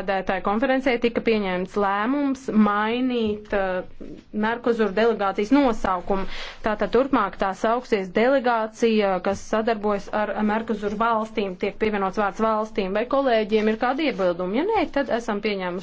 priekšsēdētāja konferencē tika pieņemts lēmums mainīt uh, Merkozur delegācijas nosaukumu. Tātad turpmāk tā sauksies delegācija, kas sadarbojas ar Merkozur valstīm, tiek pievienots vārds valstīm. Vai kolēģiem ir kādi iebildumi? Ja nē, tad esam pieņēmuši.